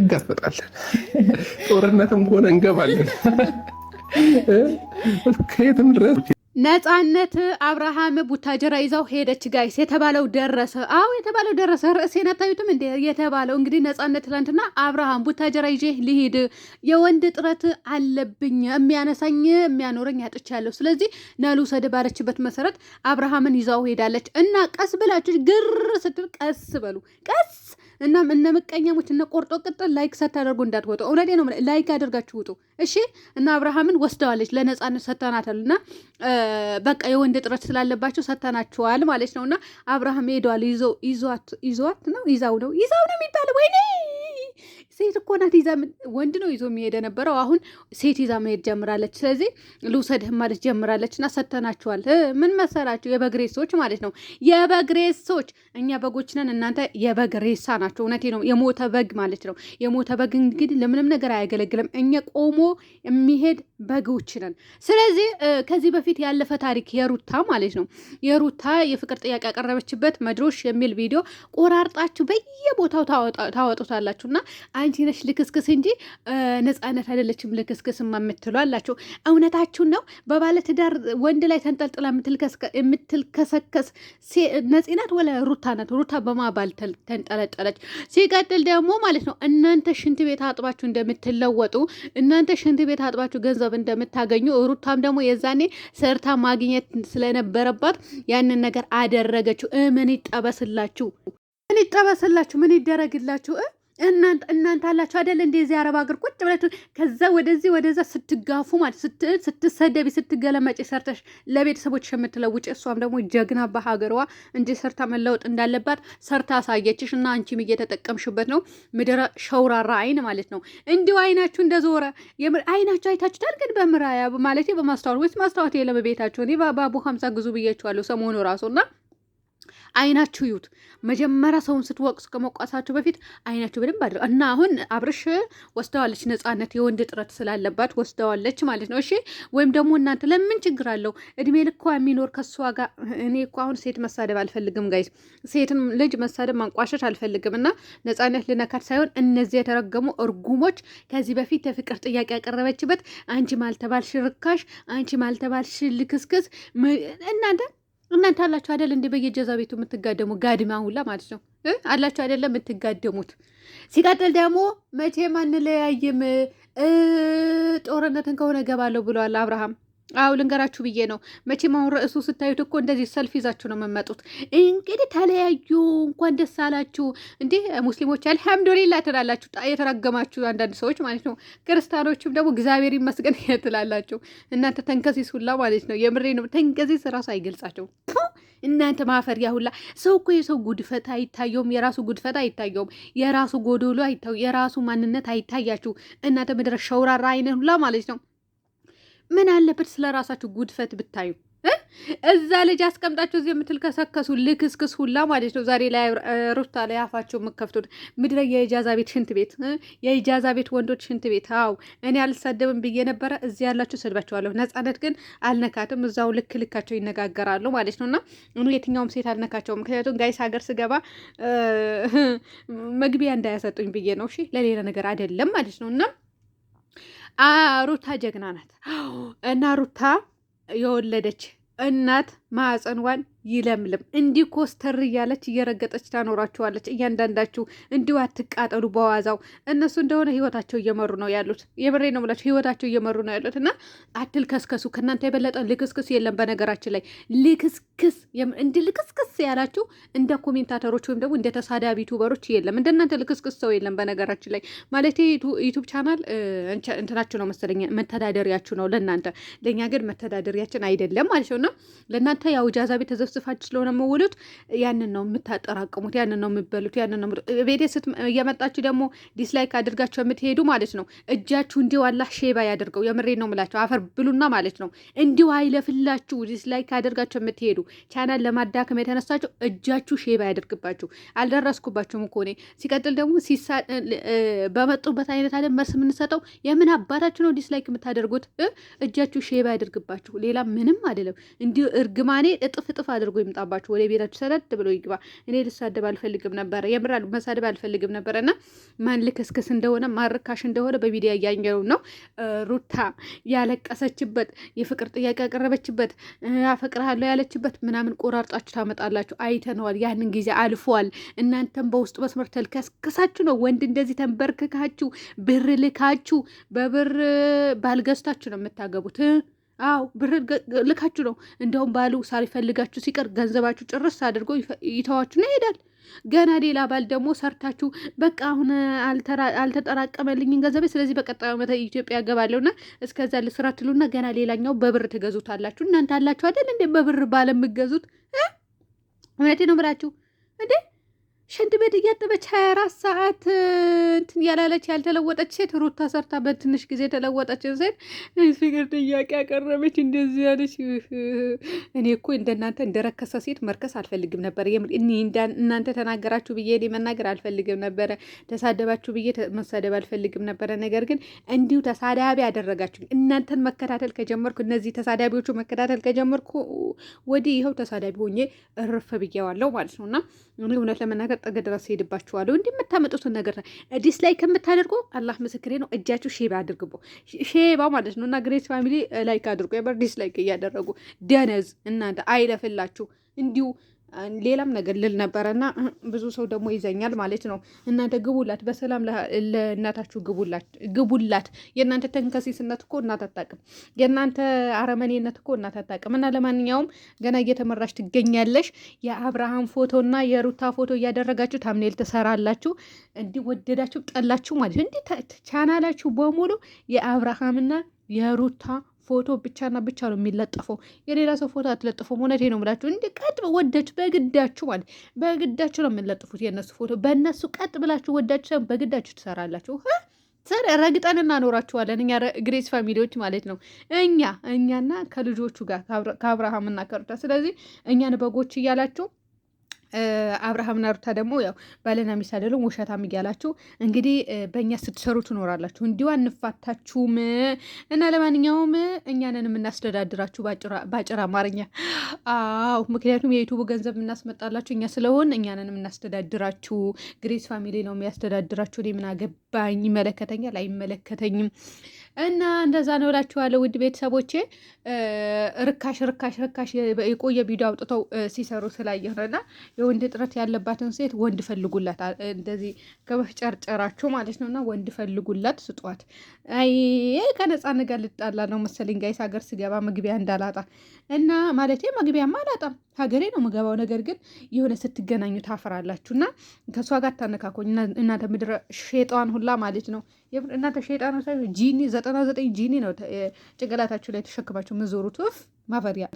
እንጋፈጣለን። ጦርነትም ሆነ እንገባለን ከየትም ድረስ ነፃነት አብርሃም ቡታጀራ ይዛው ሄደች። ጋይስ የተባለው ደረሰ። አዎ የተባለው ደረሰ። ርዕሴን አታዩትም እንዴ? የተባለው እንግዲህ ነፃነት ትላንትና አብርሃም ቡታጀራ ይዤ ልሂድ፣ የወንድ ጥረት አለብኝ፣ የሚያነሳኝ የሚያኖረኝ አጥቻለሁ፣ ስለዚህ ናሉ ሰድ ባለችበት መሰረት አብርሃምን ይዛው ሄዳለች እና ቀስ ብላችሁ ግር ስትል ቀስ በሉ ቀስ እናም እነ ምቀኛሞች እነ ቆርጦ ቅጥል ላይክ ሳታደርጉ እንዳትወጡ። እውነቴ ነው፣ ላይክ ያደርጋችሁ ውጡ። እሺ። እና አብርሃምን ወስደዋለች፣ ለነጻነት ሰጥተናታል። እና በቃ የወንድ ጥረት ስላለባቸው ሰጥተናችኋል ማለት ነው። እና አብርሃም ሄደዋል፣ ይዘዋት ነው ይዛው ነው ይዛው ነው የሚባለው ወይኔ ሴት እኮ ናት ይዛ ወንድ ነው ይዞ የሚሄደ ነበረው። አሁን ሴት ይዛ መሄድ ጀምራለች። ስለዚህ ልውሰድህ ማለት ጀምራለች እና ሰተናችኋል። ምን መሰላችሁ? የበግ ማለት ነው። የበግ እኛ በጎች ነን፣ እናንተ የበግ ሬሳ ናቸው። እውነቴ ነው። የሞተ በግ ማለት ነው። የሞተ በግ እንግዲህ ለምንም ነገር አያገለግልም። እኛ ቆሞ የሚሄድ በጎች ነን። ስለዚህ ከዚህ በፊት ያለፈ ታሪክ የሩታ ማለት ነው። የሩታ የፍቅር ጥያቄ ያቀረበችበት መድሮሽ የሚል ቪዲዮ ቆራርጣችሁ በየቦታው ታወጡታላችሁ እና አንቺ ነሽ ልክስክስ እንጂ ነፃነት አይደለችም ልክስክስማ የምትሉ አላችሁ። እውነታችሁን ነው። በባለትዳር ወንድ ላይ ተንጠልጥላ የምትልከሰከስ ነፂናት ወለ ሩታ ናት? ሩታ በማባል ተንጠለጠለች። ሲቀጥል ደግሞ ማለት ነው እናንተ ሽንት ቤት አጥባችሁ እንደምትለወጡ እናንተ ሽንት ቤት አጥባችሁ ገንዘብ እንደምታገኙ ሩታም ደግሞ የዛኔ ሰርታ ማግኘት ስለነበረባት ያንን ነገር አደረገችው። ምን ይጠበስላችሁ? ምን ይጠበስላችሁ? ምን ይደረግላችሁ? እናንተ እናንተ አላችሁ አይደል እንደዚህ አረብ አገር ቁጭ ብላችሁ ከዛ ወደዚህ ወደዛ ስትጋፉ ማለት ስትሰደቢ ስትገለመጭ ሰርተሽ ለቤተሰቦችሽ የምትለውጭ እሷም ደግሞ ጀግና በሀገሯ እንጂ ሰርታ መለወጥ እንዳለባት ሰርታ አሳየችሽ እና አንቺም እየተጠቀምሽበት ነው። ምድረ ሸውራራ አይን ማለት ነው። እንዲሁ አይናችሁ እንደዞረ አይናችሁ አይታችሁታል። ግን በምራያ ማለት በማስታወት ወይስ ማስታወት የለም ቤታችሁ እኔ በአቡ ሀምሳ ግዙ ብያችኋለሁ ሰሞኑ ራሱና አይናችሁ ይዩት። መጀመሪያ ሰውን ስትወቅሱ ከመቋሳችሁ በፊት አይናችሁ በደንብ አድርገው እና አሁን አብርሽ ወስደዋለች፣ ነጻነት የወንድ ጥረት ስላለባት ወስደዋለች ማለት ነው። እሺ ወይም ደግሞ እናንተ ለምን ችግር አለው እድሜ ልኳ የሚኖር ከእሷ ጋር። እኔ እኮ አሁን ሴት መሳደብ አልፈልግም ጋይስ፣ ሴትን ልጅ መሳደብ ማንቋሸት አልፈልግም። እና ነጻነት ልነካት ሳይሆን እነዚህ የተረገሙ እርጉሞች ከዚህ በፊት የፍቅር ጥያቄ ያቀረበችበት አንቺ ማልተባልሽ ርካሽ፣ አንቺ ማልተባልሽ ልክስክስ እናንተ እናንተ አላችሁ አደል እንደ በየጀዛ ቤቱ የምትጋደሙ ጋድማ ሁላ ማለት ነው አላችሁ አይደለም የምትጋደሙት። ሲቀጥል ደግሞ መቼም አንለያይም ጦርነትን ከሆነ ገባለሁ ብለዋል አብርሃም አው ልንገራችሁ ብዬ ነው። መቼም አሁን ርዕሱ ስታዩት እኮ እንደዚህ ሰልፍ ይዛችሁ ነው የምመጡት። እንግዲህ ተለያዩ፣ እንኳን ደስ አላችሁ። እንዲህ ሙስሊሞች አልሐምዱሊላ ትላላችሁ፣ የተረገማችሁ አንዳንድ ሰዎች ማለት ነው። ክርስቲያኖችም ደግሞ እግዚአብሔር ይመስገን ትላላችሁ። እናንተ ተንከሲስ ሁላ ማለት ነው። የምሬ ነው። ተንከሲስ ራሱ አይገልጻቸው እናንተ ማፈሪያ ያሁላ ሰው እኮ የሰው ጉድፈት አይታየውም። የራሱ ጉድፈት አይታየውም። የራሱ ጎዶሎ አይታየው። የራሱ ማንነት አይታያችሁ እናንተ ምድረ ሸውራራ አይነት ሁላ ማለት ነው። ምን አለበት ስለ ራሳችሁ ጉድፈት ብታዩ እዛ ልጅ አስቀምጣችሁ እዚህ የምትልከሰከሱ ልክስክስ ሁላ ማለት ነው። ዛሬ ላይ ሩታ ላይ አፋቸው የምከፍቱት ምድረ የኢጃዛ ቤት ሽንት ቤት የኢጃዛ ቤት ወንዶች ሽንት ቤት። አዎ እኔ አልሳደብም ብዬ ነበረ። እዚህ ያላችሁ ሰድባችኋለሁ። ነጻነት ግን አልነካትም። እዛው ልክ ልካቸው ይነጋገራሉ ማለት እኑ የትኛውም ሴት አልነካቸውም። ምክንያቱም ጋይስ ሀገር ስገባ መግቢያ እንዳያሰጡኝ ብዬ ነው። እሺ ለሌላ ነገር አይደለም ማለት እና ሩታ ጀግና ናት እና ሩታ የወለደች እናት ማዕፀንዋን ይለምልም። እንዲህ ኮስተር እያለች እየረገጠች ታኖራችኋለች። እያንዳንዳችሁ እንዲሁ አትቃጠሉ በዋዛው። እነሱ እንደሆነ ህይወታቸው እየመሩ ነው ያሉት። የምሬ ነው የምላችሁ፣ ህይወታቸው እየመሩ ነው ያሉት እና አትልከስከሱ። ከእናንተ የበለጠ ልክስክስ የለም። በነገራችን ላይ ልክስክስ እንዲህ ልክስክስ ያላችሁ እንደ ኮሜንታተሮች ወይም ደግሞ እንደ ተሳዳቢ ቱበሮች የለም። እንደናንተ ልክስክስ ሰው የለም። በነገራችን ላይ ማለት ዩቱብ ቻናል እንትናችሁ ነው መሰለኝ መተዳደሪያችሁ ነው ለእናንተ። ለእኛ ግን መተዳደሪያችን አይደለም ማለት ነው ለእናንተ እናንተ ያው ጃዛ ቤት ተዘፍዝፋችሁ ስለሆነ መውሉት ያንን ነው የምታጠራቅሙት፣ ያንን ነው የምበሉት፣ ያንን ነው ቤቴ እየመጣችሁ ደግሞ ዲስላይክ አድርጋችሁ የምትሄዱ ማለት ነው። እጃችሁ እንዲሁ አላህ ሼባ ያደርገው። የምሬ ነው ምላቸው አፈር ብሉና ማለት ነው። እንዲሁ አይለፍላችሁ። ዲስላይክ አድርጋችሁ የምትሄዱ ቻናል ለማዳከም የተነሳቸው እጃችሁ ሼባ ያደርግባችሁ። አልደረስኩባችሁም እኮ እኔ። ሲቀጥል ደግሞ በመጡበት አይነት አለ መርስ የምንሰጠው የምን አባታችሁ ነው ዲስላይክ የምታደርጉት? እጃችሁ ሼባ ያደርግባችሁ። ሌላ ምንም አይደለም። እንዲሁ እርግም ማኔ እጥፍ እጥፍ አድርጎ ይምጣባችሁ። ወደ ቤታችሁ ሰደድ ብሎ ይግባ። እኔ ልሳደብ አልፈልግም ነበረ፣ የምር መሳደብ አልፈልግም ነበረ እና ማን ልክስክስ እንደሆነ ማርካሽ እንደሆነ በሚዲያ እያየነው ነው። ሩታ ያለቀሰችበት የፍቅር ጥያቄ ያቀረበችበት አፈቅርሃለሁ ያለችበት ምናምን ቆራርጣችሁ ታመጣላችሁ። አይተነዋል። ያንን ጊዜ አልፏል። እናንተም በውስጥ መስመር ተልከስከሳችሁ ነው ወንድ እንደዚህ ተንበርክካችሁ ብር ልካችሁ በብር ባልገዝታችሁ ነው የምታገቡት። አዎ ብር ልካችሁ ነው። እንደውም ባሉ ሳይፈልጋችሁ ሲቀር ገንዘባችሁ ጭርስ አድርጎ ይተዋችሁ ነው ይሄዳል። ገና ሌላ ባል ደግሞ ሰርታችሁ በቃ አሁን አልተጠራቀመልኝም ገንዘቤ፣ ስለዚህ በቀጣዩ ዓመት ኢትዮጵያ ገባለሁና እስከዛ ልስራ ትሉና ገና ሌላኛው በብር አላችሁ። እናንተ አላችሁ አይደል እንዴ በብር ባለምገዙት? እውነቴ ነው ብላችሁ እንዴ ሽንት ቤት እያጠበች 24 ሰዓት እንትን ያላለች ያልተለወጠች ሴት ሩታ ሰርታ በትንሽ ጊዜ የተለወጠች ሴት ፍቅር ጥያቄ ያቀረበች እንደዚህ ያለች። እኔ እኮ እንደናንተ እንደረከሰ ሴት መርከስ አልፈልግም ነበር። እናንተ ተናገራችሁ ብዬ እኔ መናገር አልፈልግም ነበረ። ተሳደባችሁ ብዬ መሳደብ አልፈልግም ነበረ። ነገር ግን እንዲሁ ተሳዳቢ ያደረጋችሁ እናንተን መከታተል ከጀመርኩ እነዚህ ተሳዳቢዎቹ መከታተል ከጀመርኩ ወዲህ ይኸው ተሳዳቢ ሆኜ እርፍ ብዬዋለሁ ማለት ነው እና እውነት ለመናገር ጥግ ድረስ ሄድባችኋለሁ። እንደምታመጡትን ነገር ዲስላይክ ከምታደርጉ አላህ ምስክሬ ነው እጃችሁ ሼባ አድርግቦ ሼባ ማለት ነው እና ግሬት ፋሚሊ ላይክ አድርጎ የበር ዲስላይክ እያደረጉ ደነዝ እናንተ አይለፍላችሁ እንዲሁ ሌላም ነገር ልል ነበረ እና ብዙ ሰው ደግሞ ይዘኛል ማለት ነው። እናንተ ግቡላት፣ በሰላም ለእናታችሁ ግቡላት፣ የእናንተ ተንከሲስነት እኮ እናት አታውቅም። የእናንተ አረመኔነት እኮ እናት አታውቅም። እና ለማንኛውም ገና እየተመራች ትገኛለሽ። የአብርሃም ፎቶና የሩታ ፎቶ እያደረጋችሁ ታምኔል ትሰራላችሁ። እንዲህ ወደዳችሁ ጠላችሁ ማለት እንዲህ ቻናላችሁ በሙሉ የአብርሃምና የሩታ ፎቶ ብቻና ብቻ ነው የሚለጠፈው። የሌላ ሰው ፎቶ አትለጥፉም። እውነቴ ነው የምላችሁ። እንዲህ ቀጥ ወዳችሁ በግዳችሁ ማለት በግዳችሁ ነው የምንለጥፉት የእነሱ ፎቶ። በእነሱ ቀጥ ብላችሁ ወዳችሁ ሳይሆን በግዳችሁ ትሰራላችሁ። ሰር ረግጠን እናኖራችኋለን። እኛ ግሬስ ፋሚሊዎች ማለት ነው። እኛ እኛና ከልጆቹ ጋር ከአብርሃምና ከሩታ። ስለዚህ እኛን በጎች እያላችሁ አብርሃምና ሩታ ደግሞ ያው ባልና ሚስት አይደለም ውሸታም እያላችሁ እንግዲህ በእኛ ስትሰሩ ትኖራላችሁ። እንዲሁ አንፋታችሁም እና ለማንኛውም እኛንን የምናስተዳድራችሁ ባጭር አማርኛ። አዎ ምክንያቱም የዩቱቡ ገንዘብ የምናስመጣላችሁ እኛ ስለሆን እኛንን የምናስተዳድራችሁ። ግሬስ ፋሚሊ ነው የሚያስተዳድራችሁ። እኔ ምን አገባኝ? ይመለከተኛል አይመለከተኝም እና እንደዛ ነው እላችኋለሁ ውድ ቤተሰቦቼ። ርካሽ ርካሽ ርካሽ የቆየ ቪዲዮ አውጥተው ሲሰሩ ስላየሁ ነው። እና የወንድ እጥረት ያለባትን ሴት ወንድ ፈልጉላት፣ እንደዚህ ከመፍጨርጨራችሁ ማለት ነው። እና ወንድ ፈልጉላት፣ ስጧት። አይ ከነፃ ነገር ልጣላ ነው መሰለኝ ጋይስ፣ ሀገር ስገባ መግቢያ እንዳላጣ እና ማለቴ መግቢያማ አላጣም ሀገሬ ነው ምገባው። ነገር ግን የሆነ ስትገናኙ ታፈራላችሁ እና ከእሷ ጋር ታነካኮኝ እናንተ ምድረ ሼጣን ሁላ ማለት ነው። እናንተ ሼጣን ሳይሆን ጂኒ ዘጠና ዘጠኝ ጂኒ ነው ጭንቅላታችሁ ላይ ተሸክማችሁ ምዞሩት ፍ ማፈሪያ